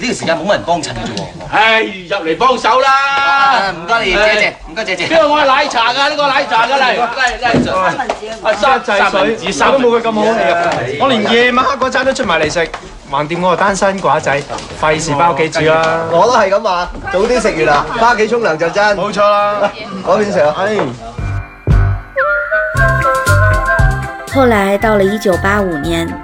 呢個時間冇乜人幫襯啫喎！哎，入嚟幫手啦！唔該你，謝謝，唔該謝謝。因為我係奶茶㗎，呢個奶茶㗎嚟，嚟嚟。三文治啊，三制水，都冇佢咁好啦。我連夜晚黑嗰餐都出埋嚟食，橫掂我係單身寡仔，費事返屋企住啦。我都係咁話，早啲食完啦，返屋企沖涼就真。冇錯啦，我邊食啊？哎。後來到了1985年。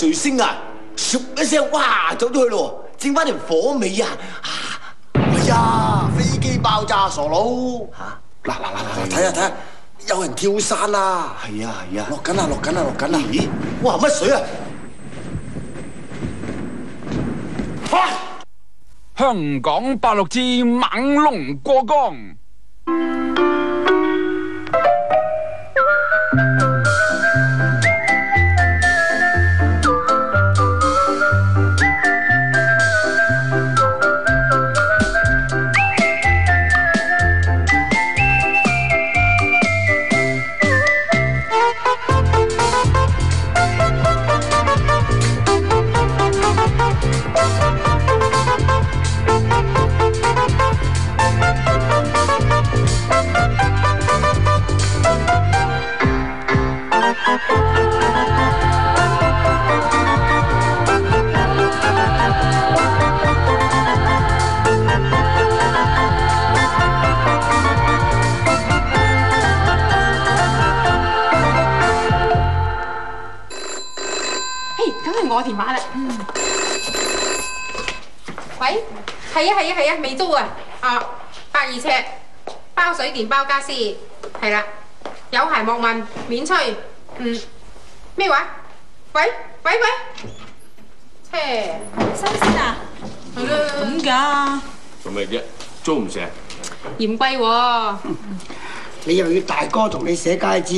水先啊？咻一聲，哇，走咗去咯，剩翻條火尾啊！係、哎、啊，飛機爆炸，傻佬啊！嗱嗱嗱嗱，睇下睇下，有人跳傘啦！係啊係啊，落緊啊落緊啊落緊啊！咦，哇乜水啊？香港八六之猛龍過江。我電話啦。嗯。喂，係啊係啊係啊，未租啊。啊，百二尺，包水電包傢俬，係啦。有鞋莫問，免吹。嗯。咩話？喂喂喂。嘿，新鮮啊。係咯。點㗎？做咩啫？租唔成。嫌貴喎。你又要大哥同你寫街招，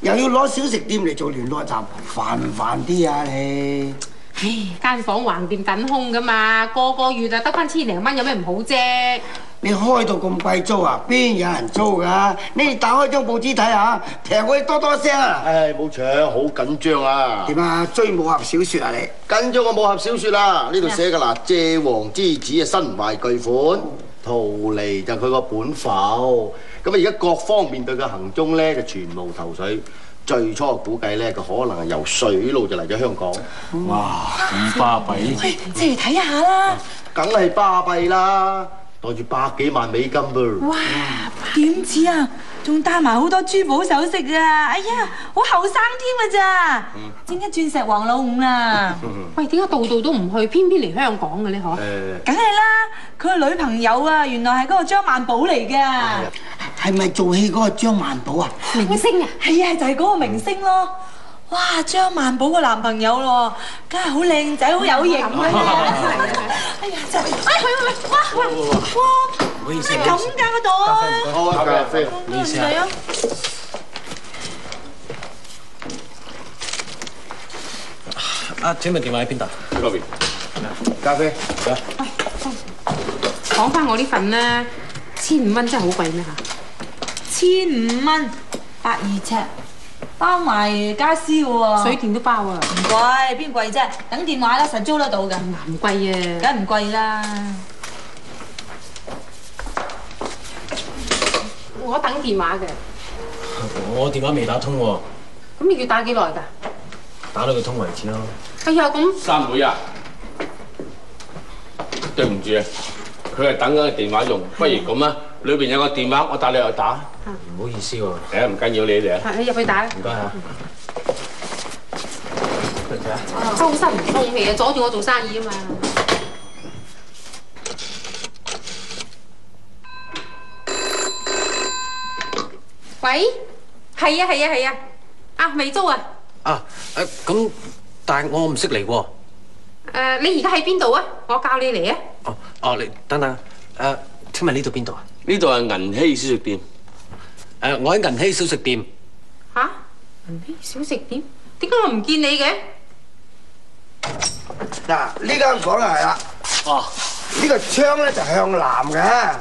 又要攞小食店嚟做聯絡站，煩唔煩啲啊你？唉、哎，間房橫掂等空噶嘛，個個月就得翻千零蚊，有咩唔好啫？你開到咁貴租啊，邊有人租噶？你打開張報紙睇下平佢多多聲啊！唉、哎，冇搶，好緊張啊！點啊？追武俠小説啊你？緊張個武俠小説啦，呢度寫噶啦，借王之子啊身懷巨款，逃離就佢個本否？咁而家各方面對嘅行蹤咧，就全無頭緒。最初估計咧，佢可能係由水路就嚟咗香港。哇！咁巴閉，即係睇下啦，梗係巴閉啦，當住百幾萬美金噃。哇！點知啊！仲帶埋好多珠寶首飾啊！哎呀，好後生添㗎咋？點解鑽石王老五啊？喂，點解度度都唔去，偏偏嚟香港㗎咧？嗬？梗係啦，佢個女朋友啊，原來係嗰個張萬寶嚟㗎。係咪做戲嗰個張萬寶啊？明星啊？係啊，就係嗰個明星咯。哇，張萬寶個男朋友囉，梗係好靚仔，好有型㗎。哎呀，走！哎，喂喂喂，哇，哇。有兩百個多，好啊，咖啡，唔使啊。啊，請問電話喺邊度？喺嗰邊。咖啡，嚟啊！講翻我呢份啦，千五蚊真係好貴咩吓？千五蚊百二尺，包埋傢俬喎。水電都包啊。唔貴，邊貴啫？等電話啦，實租得到噶。唔貴啊。梗唔貴啦。我等電話嘅，我電話未打通喎。咁你要打幾耐㗎？打到佢通為止咯。哎呀，咁三妹啊，對唔住啊，佢係等緊個電話用。不如咁啦，裏邊有個電話，我帶你去打。唔好意思喎。係啊，唔緊要，你哋。啊。你入去打。唔該嚇。周身唔通氣啊，阻住我做生意啊嘛。喂，係啊係啊係啊，啊未租啊？啊，咁但係我唔識嚟喎。誒，你而家喺邊度啊？我教你嚟啊。哦哦，你等等，誒，請問呢度邊度啊？呢度係銀禧小食店。誒，我喺銀禧小食店。吓，銀禧小食店？點解我唔見你嘅？嗱，呢間房啊係啦。哦，呢個窗咧，就向南嘅，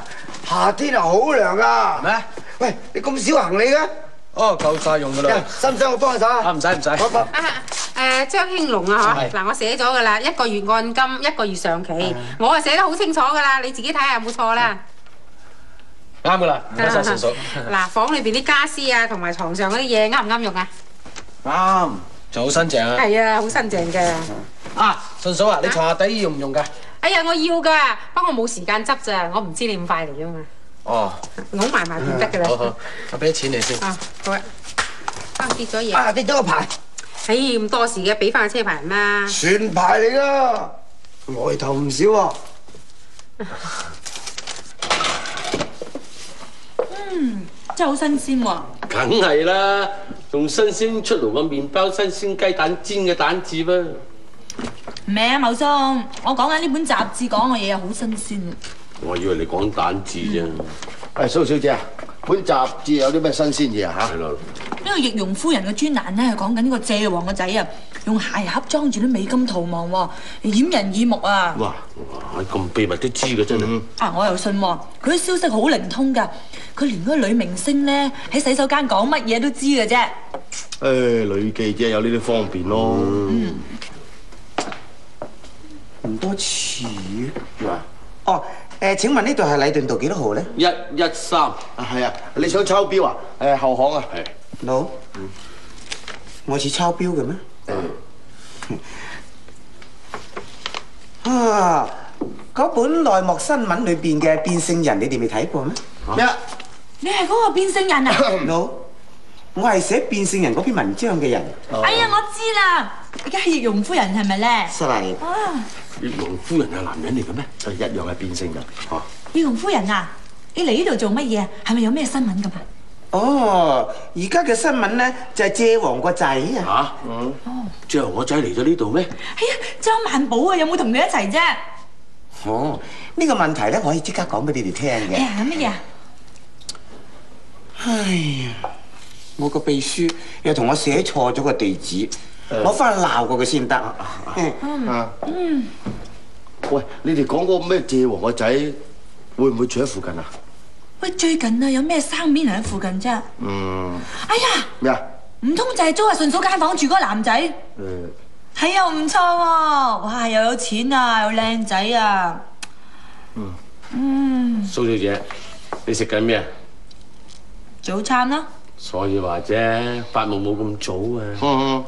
夏天啊好涼㗎。咩？喂，你咁少行李嘅？哦，夠晒用噶啦，使唔使我幫你手啊？唔使唔使。誒，張興龍啊，嗬，嗱，我寫咗噶啦，一個月按金，一個月上期，我啊寫得好清楚噶啦，你自己睇下有冇錯啦。啱噶啦，唔該晒順嫂。嗱，房裏邊啲家私啊，同埋床上嗰啲嘢，啱唔啱用啊？啱，仲好新淨啊。係啊，好新淨嘅。啊，順嫂啊，你床下底用唔用噶？哎呀，我要噶，不過我冇時間執咋，我唔知你咁快嚟啊嘛。哦，攞埋埋唔得嘅啦。我俾錢你先。啊，好啊。啊，跌咗嘢。啊，跌咗個牌。哎，咁多事嘅，俾翻個車牌嘛。算牌嚟噶，外頭唔少啊。嗯，真係好新鮮喎，啊。梗係啦，仲新鮮出爐嘅麵包，新鮮雞蛋煎嘅蛋治啦，啊。唔係啊，茂松，我講緊呢本雜誌講嘅嘢好新鮮我以為你講雜字啫。誒，蘇小姐，本雜誌有啲咩新鮮嘢吓？係咯。呢、這個易容夫人嘅專欄咧，係講緊呢個謝王嘅仔啊，用鞋盒裝住啲美金逃亡，掩人耳目啊！哇，咁秘密都知嘅真係。啊、嗯，我又信，佢啲消息好靈通噶，佢連嗰個女明星咧喺洗手間講乜嘢都知嘅啫。誒、哎，女記者有呢啲方便咯。嗯。唔、嗯、多似，係、啊、哦。啊誒，請問呢度係禮頓道幾多號咧？一一三啊，係啊，你想抄表啊？誒，後巷啊。係。No，唔，我似抄表嘅咩？啊，嗰本內幕新聞裏邊嘅變性人，你哋未睇過咩？咩？你係嗰個變性人啊？No，我係寫變性人嗰篇文章嘅人。哎呀，我知啦。而家係易容夫人係咪咧？係啊。易容夫人係男人嚟嘅咩？都一樣係變性人，吓。易容夫人啊，你嚟呢度做乜嘢啊？係咪有咩新聞咁啊？哦，而家嘅新聞咧就係借王個仔啊。吓，嗯。哦，借王個仔嚟咗呢度咩？哎呀，張萬寶啊，有冇同你一齊啫？哦，呢、這個問題咧，我可以即刻講俾你哋聽嘅。咩啊？哎呀，我個秘書又同我寫錯咗個地址。我翻去鬧過佢先得啊！嗯，喂，你哋講個咩借王嘅仔會唔會住喺附近啊？喂，最近啊，有咩生面喺附近啫？嗯，哎呀，咩啊？唔通就係租阿順嫂間房住嗰個男仔？誒、嗯，哎，係又唔錯喎！哇，又有錢啊，又靚仔啊！嗯嗯，蘇小姐，你食緊咩啊？早餐咯。所以話啫，發夢冇咁早啊、嗯。嗯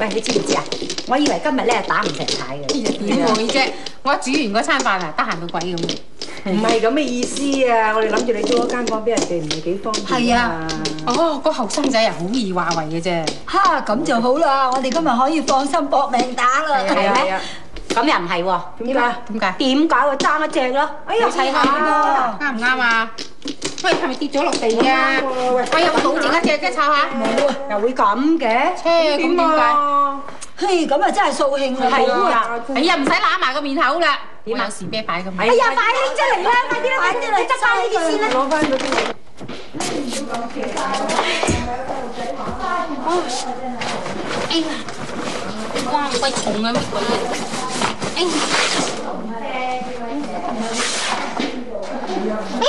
喂，你知唔知啊？我以為今日咧打唔成牌嘅，點會啫？我煮完嗰餐飯啊，得閒到鬼咁，唔係咁嘅意思啊？我哋諗住你租一間房俾人哋，唔係幾方便？係啊，哦，個後生仔啊，好易話為嘅啫。哈，咁就好啦，我哋今日可以放心搏命打啦，係啊！咁又唔係喎？點解？點解？點解？爭一隻咯！哎呀，睇下點咯，啱唔啱啊？喂，係咪跌咗落地啊？哎呀，有冇整一隻，即係抄下。冇啊，又會咁嘅？咁點解？嘿，咁啊真係掃興啊！係啊，哎呀，唔使揦埋個面口啦。點啊？事咩擺咁？哎呀，快拎出嚟啦！快啲啦！快啲啦！執翻呢件先啦！攞翻嗰啲。哎呀！哇，好鬼重啊！哎呀！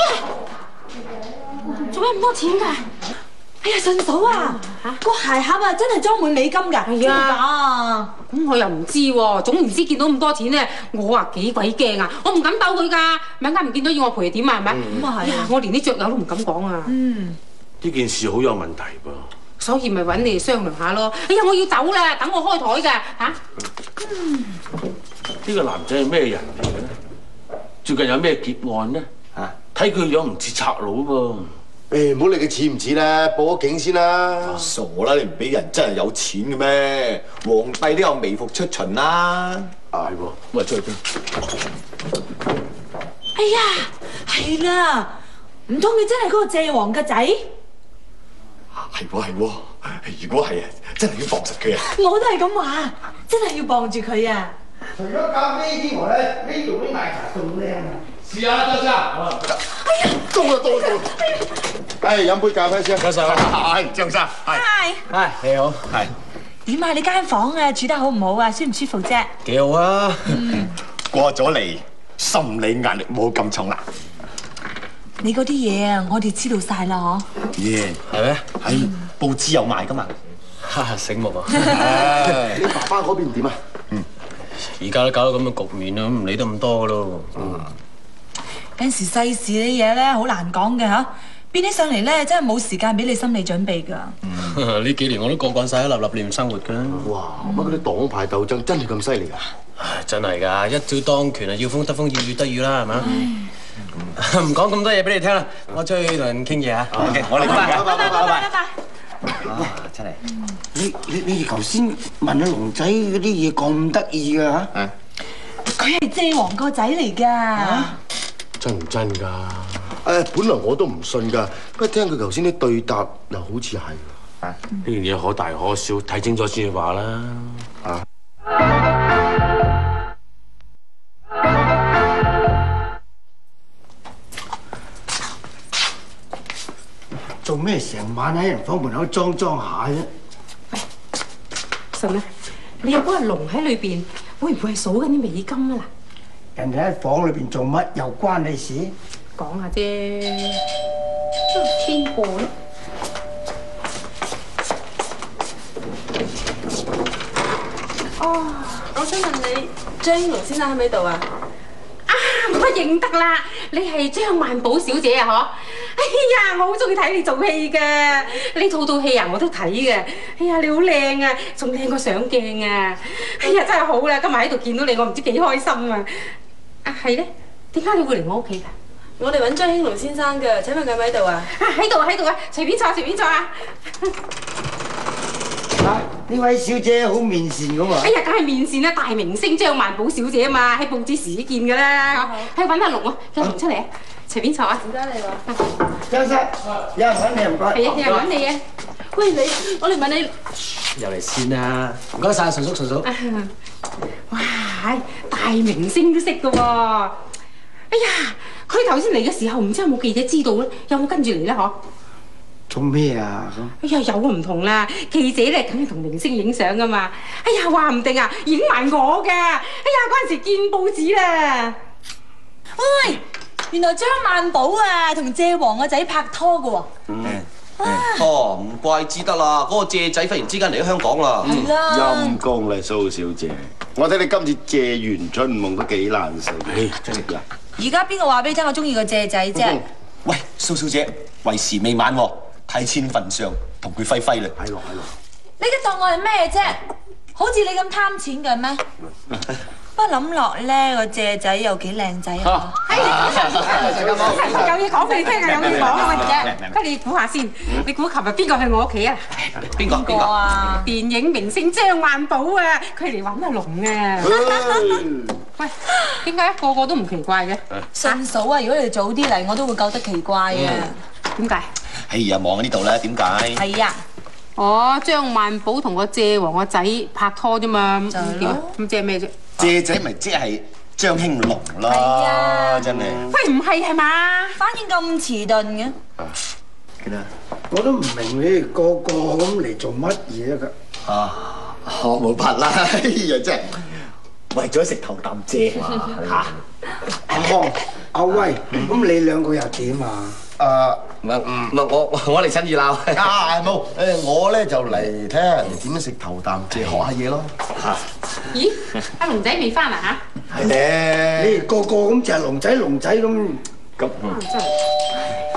搵咁多錢噶、嗯？哎呀，順嫂啊！個鞋盒真的裝滿的啊，真係裝滿美金噶，係啊。咁我又唔知喎，總唔知見到咁多錢咧，我啊幾鬼驚啊！我唔敢斗佢噶，萬一唔見到要我賠點、嗯、啊？係咪？咁啊係。呀，我連啲雀友都唔敢講啊。嗯，呢件事好有問題噃。所以咪搵你哋商量下咯。哎呀，我要走啦，等我開台噶吓。嗯，呢、這個男仔係咩人嚟嘅咧？最近有咩劫案咧？吓，睇佢樣唔似賊佬噃。誒，唔好理佢似唔似啦，像像報咗警先啦！傻啦，你唔俾人真係有錢嘅咩？皇帝都有微服出巡啦、啊。係喎，唔係出邊？哎呀，係啦，唔通佢真係嗰個謝王嘅仔？係喎係喎，如果係啊，真係要防實佢啊！我都係咁話，真係要防住佢啊！除咗咖啡之外咧，呢度啲奶茶仲靚啊！是啊，張生。哎呀，多啊多啊。哎，飲杯咖啡先。多謝。哎，張生。係。係。你好。係。點啊？你間房啊住得好唔好啊？舒唔舒服啫？幾好啊。嗯。過咗嚟，心理壓力冇咁重啦。你嗰啲嘢啊，我哋知道晒啦，嗬。耶，係咩？喺報紙有賣噶嘛？哈，醒目啊！你爸爸嗰邊點啊？嗯。而家都搞到咁嘅局面啦，唔理得咁多噶咯。嗯。有陣時世事啲嘢咧，好難講嘅嚇。變起上嚟咧，真係冇時間俾你心理準備㗎。嗯，呢幾年我都過慣晒，嗯，一立立亂生活啦哇，乜嗰啲黨派鬥爭真係咁犀利啊！真係㗎，一朝當權啊，要風得風，要雨得雨啦，係嘛？唔講咁多嘢俾你聽啦，我出去同人傾嘢嚇。OK，啊、我嚟啦，拜拜拜拜拜拜。哇，真嚟、啊，你你你頭先問咗龍仔嗰啲嘢咁得意嘅嚇？誒、啊，佢係、啊、謝王個仔嚟㗎。啊真唔真㗎？誒，本來我都唔信㗎，不過聽佢頭先啲對答，又好似係。呢、啊、件嘢可大可小，睇清楚先至話啦。嚇、啊！做咩成晚喺人房門口裝裝下啫？喂，信咩？你有冇個籠喺裏邊？會唔會係數緊啲美金啊？嗱！人哋喺房裏邊做乜又關你事？講下啫，都天過啦。哦，我想問你張龍先生喺咪度啊？啊，我認得啦，你係張萬寶小姐啊，嗬？哎呀，我好中意睇你做戲嘅，呢套套戲啊我都睇嘅。哎呀，你好靚啊，仲靚過上鏡啊！哎呀，真係好啦，今日喺度見到你，我唔知幾開心啊！啊，係咧，點解你會嚟我屋企㗎？我哋揾張興隆先生㗎，請問佢喺度啊？啊，喺度喺度啊，隨便坐，隨便坐啊！嚇，呢位小姐好面善㗎喎！哎呀，梗係面善啦，大明星張萬寶小姐啊嘛，喺報紙時見㗎啦，係揾阿龍啊，阿龍出嚟。隨便坐啊，唔該你喎，阿生，有人揾你唔該。係啊，又揾你嘅。喂，你我嚟問你。入嚟先啊！唔該晒，順叔，順叔。哇，大明星都識噶喎！哎呀，佢頭先嚟嘅時候，唔知有冇記者知道咧？有冇跟住嚟咧？嗬？做咩啊？哎呀，有唔同啦。記者咧，梗係同明星影相噶嘛。哎呀，話唔定啊，影埋我㗎。哎呀，嗰陣時見報紙啦。喂！原來張萬寶啊同謝王個仔拍拖噶嗯嗯、啊，哦唔怪之得啦，嗰個謝仔忽然之間嚟咗香港啦、嗯，陰公啦蘇小姐，我睇你今次謝完春夢都幾難受，哎、真係噶。而家邊個話俾你聽我中意個謝仔啫？喂，蘇小姐，為時未晚，睇千份上同佢揮揮嚟，係咯係咯，你嘅答案係咩啫？好似你咁貪錢嘅咩？不過諗落咧，個謝仔又幾靚仔啊。有嘢講俾你聽啊！有嘢講啊！不如你估下先，你估琴日邊個去我屋企啊？邊個邊個啊？電影明星張萬寶啊！佢嚟揾阿龍啊！喂，點解一個個都唔奇怪嘅？珊嫂啊，如果你早啲嚟，我都會覺得奇怪啊！點解？哎呀，望喺呢度啦！點解？係啊，我張萬寶同個謝王個仔拍拖啫嘛，咁點？咁借咩啫？借仔咪即係。張興龍啦，係啊，真係，喂唔係係嘛？反應咁遲鈍嘅。啊，我都唔明你哋個個咁嚟做乜嘢噶。啊，我冇拍啦，呀真係，為咗食頭啖蔗嚇。阿康，阿威，咁你兩個又點啊？啊，唔，唔，我我嚟趁熱鬧。啊，冇，誒，我咧就嚟睇下人哋點樣食頭啖，借學下嘢咯。嚇！咦，阿龍仔未翻嚟？嚇！係咧，你哋個個咁就係龍仔，龍仔咁。咁。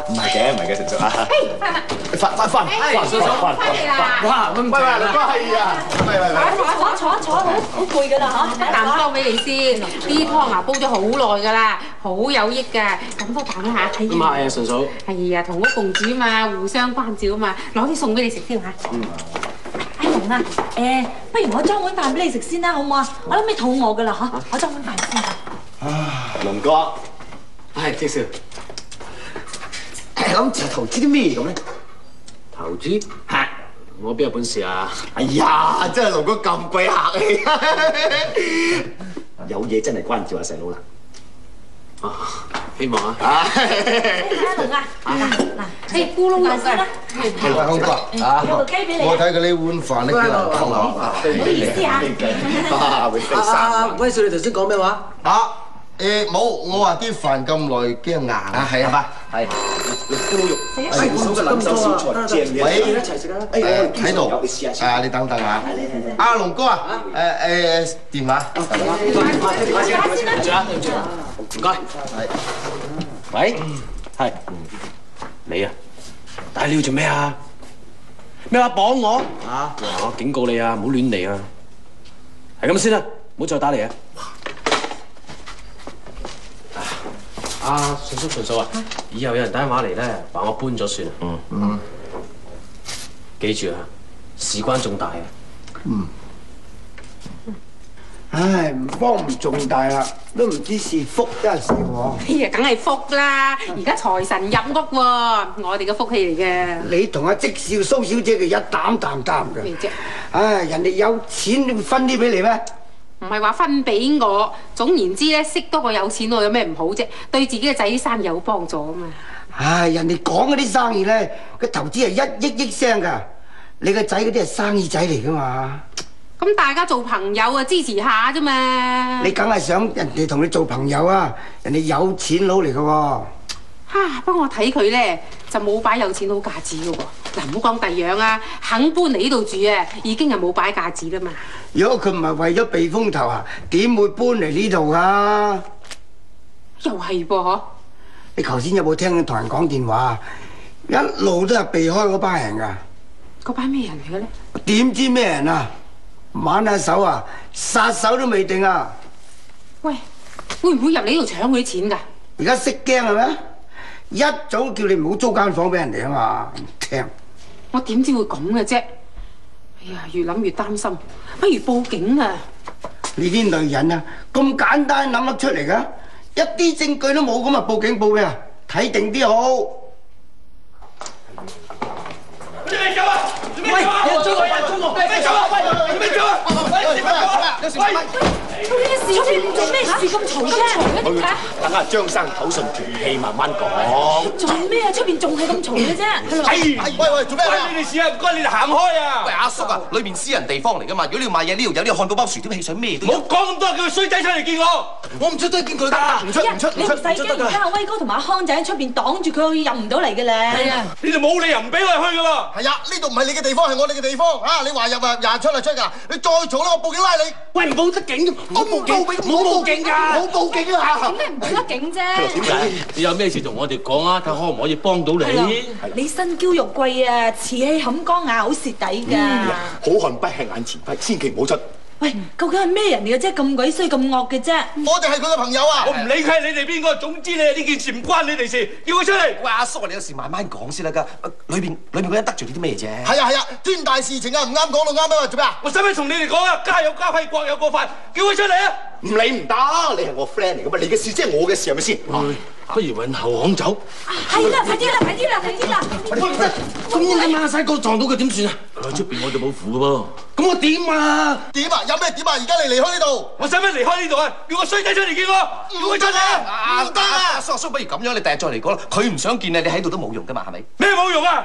唔係嘅，唔係嘅，純叔啊！嘿，係咪？發發飯，發叔叔，發翻嚟啦！哇，拜拜，拜呀！拜拜拜！坐一坐一坐，好，好攰嘅啦嚇。一啖湯俾你先，呢湯啊煲咗好耐嘅啦，好有益嘅，咁多啖啦嚇。唔係，係，純嫂。係呀，同屋共住嘛，互相關照嘛，攞啲餸俾你食先嚇。嗯。阿龍啊，誒，不如我裝碗飯俾你食先啦，好唔好啊？我諗你肚餓嘅啦嚇，我裝碗飯先。啊，龍哥，係，叔叔。咁就投資啲咩咁咧？投資嚇，我邊有本事啊？哎呀，真係龍哥咁鬼客氣，有嘢真係關照阿細佬啦。哦，希望啊。阿龍啊，嗱，係咕隆嘅先啦。調下空格啊！我睇佢呢碗飯咧，好乾落啊！唔好意思嚇。阿阿威叔你頭先講咩話？啊，誒冇，我話啲飯咁耐，驚硬啊！係啊嘛，係。豬哎、嗯，喂，喺度、欸，啊，你等等啊。阿龍哥啊，誒誒、啊啊，電話，唔該，喂、啊，係你啊，大你做咩啊？咩話綁我？啊，我警告你啊，唔好亂嚟啊，係咁先啦，唔好再打嚟啊。啊，純叔，純嫂啊！以後有人打電話嚟咧，話我搬咗算了。嗯嗯，記住啊，事關重大啊。嗯。唉，唔幫唔重大啊，都唔知是福還是禍、啊。哎呀，梗係福啦！而家財神入屋喎、啊，我哋嘅福氣嚟嘅。你同阿即少蘇小姐就一擔擔擔嘅。啫。唉，人哋有錢，你分啲俾你咩？唔係話分俾我，總言之咧，識多個有錢佬有咩唔好啫？對自己嘅仔生，生意有幫助啊嘛！唉，人哋講嗰啲生意咧，個投資係一億億聲噶，你個仔嗰啲係生意仔嚟噶嘛？咁大家做朋友啊，支持下啫嘛！你梗係想人哋同你做朋友啊？人哋有錢佬嚟噶喎！吓，不過我睇佢咧就冇擺有，有錢佬架子噶喎。嗱，唔好講第二樣啊，肯搬嚟呢度住啊，已經係冇擺架子啦嘛。如果佢唔係為咗避風頭啊，點會搬嚟呢度噶？又係噃，你頭先有冇聽佢同人講電話？一路都係避開嗰班人噶。嗰班咩人嚟嘅咧？點知咩人啊？挽下手啊，殺手都未定啊！喂，會唔會入你呢度搶佢啲錢噶？而家識驚係咩？一早叫你唔好租間房俾人哋啊嘛！唔聽。我點知會咁嘅啫？哎呀，越諗越擔心，不如報警啊！你啲女人啊，咁簡單諗得出嚟㗎？一啲證據都冇，咁啊報警報咩啊？睇定啲好！你未走啊？你咩做啊？你咩做啊？你咩做啊？你咩做啊？出邊做咩事咁嘈啫？等阿張生口順住氣慢慢講。做咩啊？出邊仲係咁嘈嘅啫。喂喂，做咩啊？關你哋事啊！唔關你哋行開啊！喂阿叔啊，裏邊私人地方嚟噶嘛？如果你要買嘢，呢度有呢、這個漢堡包、薯條、汽水咩？冇講咁多，叫衰仔出嚟見我，我唔出得見佢得唔出唔出，出，你唔使驚，等下威哥同埋阿康仔喺出邊擋住佢入唔到嚟嘅咧。你哋冇理由唔俾我哋去噶喎。係啊，呢度唔係你嘅地方，係我哋嘅地方啊！你話入咪廿出咪出噶。你再嘈啦！我報警拉你。喂，唔報得警。我唔報警，我唔報警噶，我唔報警啊！點解唔報得警啫？點解？你有咩事同我哋講啊？睇可唔可以幫到你？你身嬌肉貴啊，瓷器冚缸瓦，嗯，好蝕底噶。好漢不吃眼前虧，千祈唔好出。.究竟係咩人嚟嘅啫？咁鬼衰咁惡嘅啫！我就係佢嘅朋友啊！我唔理佢係你哋邊個，總之咧呢件事唔關你哋事。叫佢出嚟，喂，阿叔，叔，你有事慢慢講先啦。噶，裏邊裏邊嗰人得罪啲咩嘢啫？係啊，係啊，天大事情啊，唔啱講就啱啊！做咩啊？我使唔使同你哋講啊？家有家規，國有國法，叫佢出嚟啊！唔理唔得，你係我 friend 嚟噶嘛？你嘅事即係我嘅事，係咪先？嗯不如揾後巷走。係啦，快啲啦，快啲啦，快啲啦！唔得，咁你阿媽仔哥撞到佢點算啊？喺出邊我就冇苦嘅噃，咁我點啊？點啊？有咩點啊？而家你離開呢度，我使乜離開呢度啊？叫個衰仔出嚟見我，叫個衰仔，唔得啊，啊，啊！叔叔，不如咁樣，你第日再嚟講啦。佢唔想見你，你喺度都冇用噶嘛，係咪？咩冇用啊？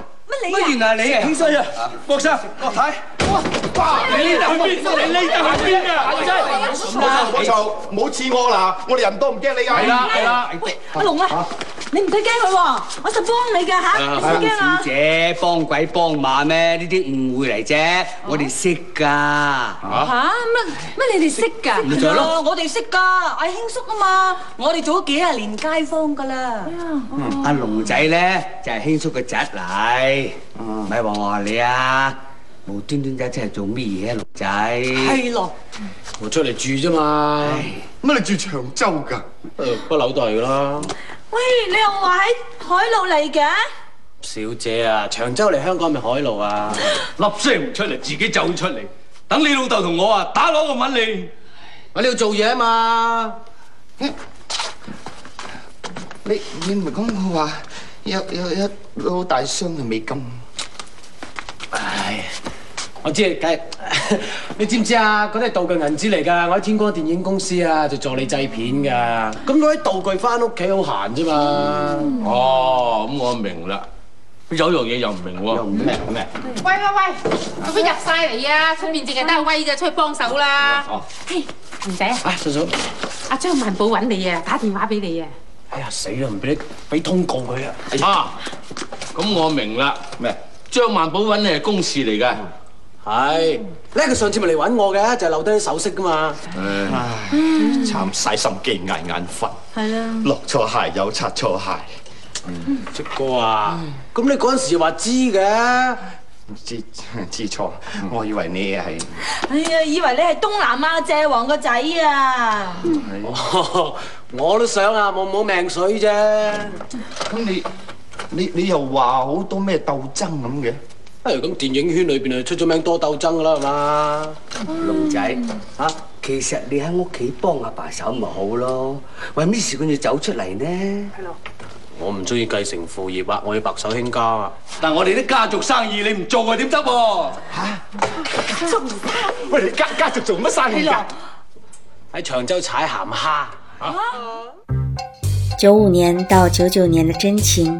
乜原來係你嘅？好衰啊！博生，我睇，哇！你呢度去邊？你呢度去邊㗎？阿龍啊，我就冇賤過嗱，我哋人都唔驚你啊！係啦，係啦。喂，阿龍啊！你唔使驚佢喎，我就幫你嘅吓。小姐幫鬼幫馬咩？呢啲誤會嚟啫，我哋識噶吓。吓乜乜？你哋識噶？我哋識噶，係興叔啊嘛。我哋做咗幾廿年街坊噶啦。阿龍仔咧就係興叔嘅侄嚟，咪話話你啊，無端端走出嚟做乜嘢？龍仔係咯，我出嚟住啫嘛。乜你住長洲噶？不嬲都係噶啦。喂，你又話喺海路嚟嘅？小姐啊，長洲嚟香港咪海路啊？粒聲唔出嚟，自己走出嚟，等你老豆同我啊打攞個問你，喂，你要做嘢嘛？你你唔係講我話，有有一好大箱嘅美金。唉，我知，今日。 你知唔知啊？嗰啲係道具銀紙嚟噶我喺天光電影公司啊，就助理製片噶。咁嗰啲道具返屋企好閒啫嘛，啊嗯。哦，咁我明啦。有樣嘢又唔明喎。又唔明咩？喂喂喂！做乜入晒嚟啊？出面淨係得威啫，出去幫手啦。哦、啊。嘿，唔使啊。啊，叔叔。阿張萬寶揾你啊，打電話俾你啊。哎呀，死啦！唔俾你俾通告佢啊，哎。啊，咁我明啦。咩？張萬寶揾你係公事嚟嘅。嗯係呢佢上次咪嚟揾我嘅，就係，留低啲首飾噶嘛。唉，慘晒心機，捱眼瞓。係啦，落錯鞋，有擦錯鞋。出、嗯、哥啊，咁、嗯、你嗰陣時話知嘅？唔知知錯，我以為你係。哎呀，以為你係東南亞謝王個仔啊？哦 我都想啊，冇冇命水啫。咁你你你又話好多咩鬥爭咁嘅？哎咁，電影圈裏邊就出咗名多鬥爭噶啦，係嘛？龍、嗯、仔啊，其實你喺屋企幫阿爸手咪好咯，為咩事佢要走出嚟呢？係咯，我唔中意繼承父業啊，我要白手興家啊。但係我哋啲家族生意你唔做啊，點得、啊？吓、啊， 喂，你家家族做乜生意啊？喺長洲踩鹹蝦、啊啊。九五年到九九年嘅真情。